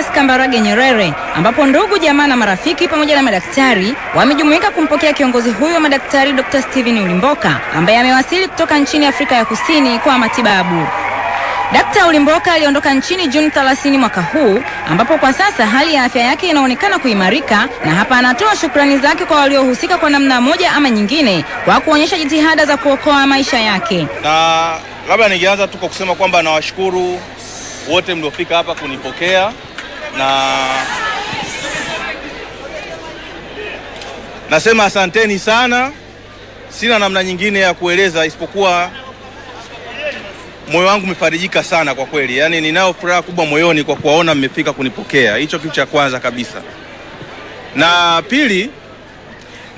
Julius Kambarage Nyerere, ambapo ndugu jamaa na marafiki pamoja na madaktari wamejumuika kumpokea kiongozi huyo wa madaktari Dr. Steven Ulimboka ambaye amewasili kutoka nchini Afrika ya Kusini kwa matibabu. Dkt. Ulimboka aliondoka nchini Juni 30 mwaka huu ambapo kwa sasa hali ya afya yake inaonekana kuimarika na hapa anatoa shukrani zake kwa waliohusika kwa namna moja ama nyingine kwa kuonyesha jitihada za kuokoa maisha yake. Na labda ningeanza tu kwa kusema kwamba nawashukuru wote mliofika hapa kunipokea na nasema asanteni sana. Sina namna nyingine ya kueleza isipokuwa moyo wangu umefarijika sana kwa kweli, yaani ninayo furaha kubwa moyoni kwa kuwaona mmefika kunipokea. Hicho kitu cha kwanza kabisa, na pili,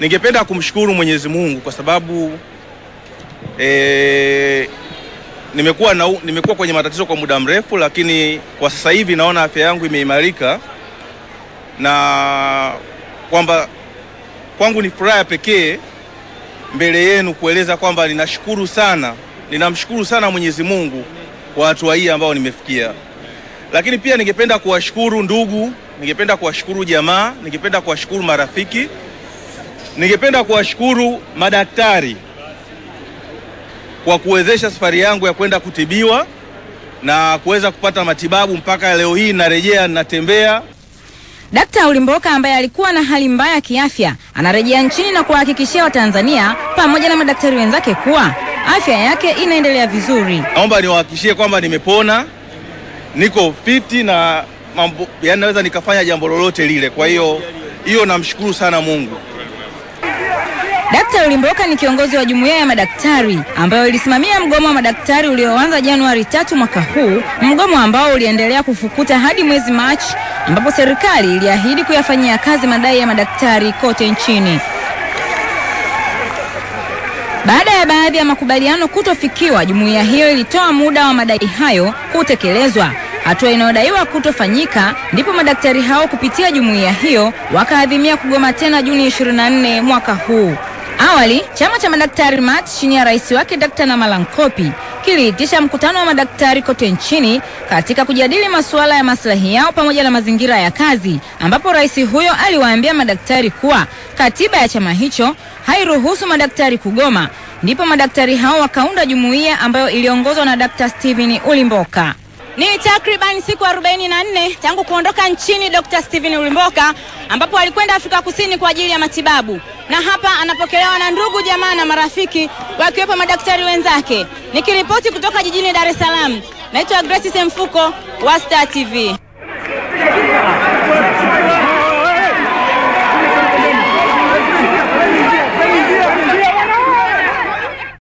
ningependa kumshukuru Mwenyezi Mungu kwa sababu e, nimekuwa na, nimekuwa kwenye matatizo kwa muda mrefu, lakini kwa sasa hivi naona afya yangu imeimarika na kwamba kwangu ni furaha pekee mbele yenu kueleza kwamba ninashukuru sana, ninamshukuru sana Mwenyezi Mungu kwa hatua hii ambayo nimefikia. Lakini pia ningependa kuwashukuru ndugu, ningependa kuwashukuru jamaa, ningependa kuwashukuru marafiki, ningependa kuwashukuru madaktari kwa kuwezesha safari yangu ya kwenda kutibiwa na kuweza kupata matibabu mpaka leo hii narejea natembea. dakta Ulimboka ambaye alikuwa na hali mbaya kiafya anarejea nchini na kuwahakikishia Watanzania pamoja na madaktari wenzake kuwa afya yake inaendelea vizuri. Naomba niwahakikishie kwamba nimepona, niko fiti na mambo, yani naweza nikafanya jambo lolote lile. Kwa hiyo hiyo namshukuru sana Mungu. Daktari Ulimboka ni kiongozi wa jumuiya ya madaktari ambayo ilisimamia mgomo wa madaktari ulioanza Januari tatu mwaka huu, mgomo ambao uliendelea kufukuta hadi mwezi Machi ambapo serikali iliahidi kuyafanyia kazi madai ya madaktari kote nchini. Baada ya baadhi ya makubaliano kutofikiwa, jumuiya hiyo ilitoa muda wa madai hayo kutekelezwa. Hatua inayodaiwa kutofanyika, ndipo madaktari hao kupitia jumuiya hiyo wakaadhimia kugoma tena Juni 24 mwaka huu. Awali chama cha madaktari MAT chini ya rais wake Dr. Namala Nkopi kiliitisha mkutano wa madaktari kote nchini katika kujadili masuala ya maslahi yao pamoja na mazingira ya kazi, ambapo rais huyo aliwaambia madaktari kuwa katiba ya chama hicho hairuhusu madaktari kugoma. Ndipo madaktari hao wakaunda jumuiya ambayo iliongozwa na Dr. Steven Ulimboka. Ni takriban siku 44 tangu kuondoka nchini Dr. Steven Ulimboka ambapo alikwenda Afrika Kusini kwa ajili ya matibabu, na hapa anapokelewa na ndugu, jamaa na marafiki wakiwepo madaktari wenzake. Nikiripoti kutoka jijini Dar es Salaam, naitwa Grace Semfuko wa Star TV.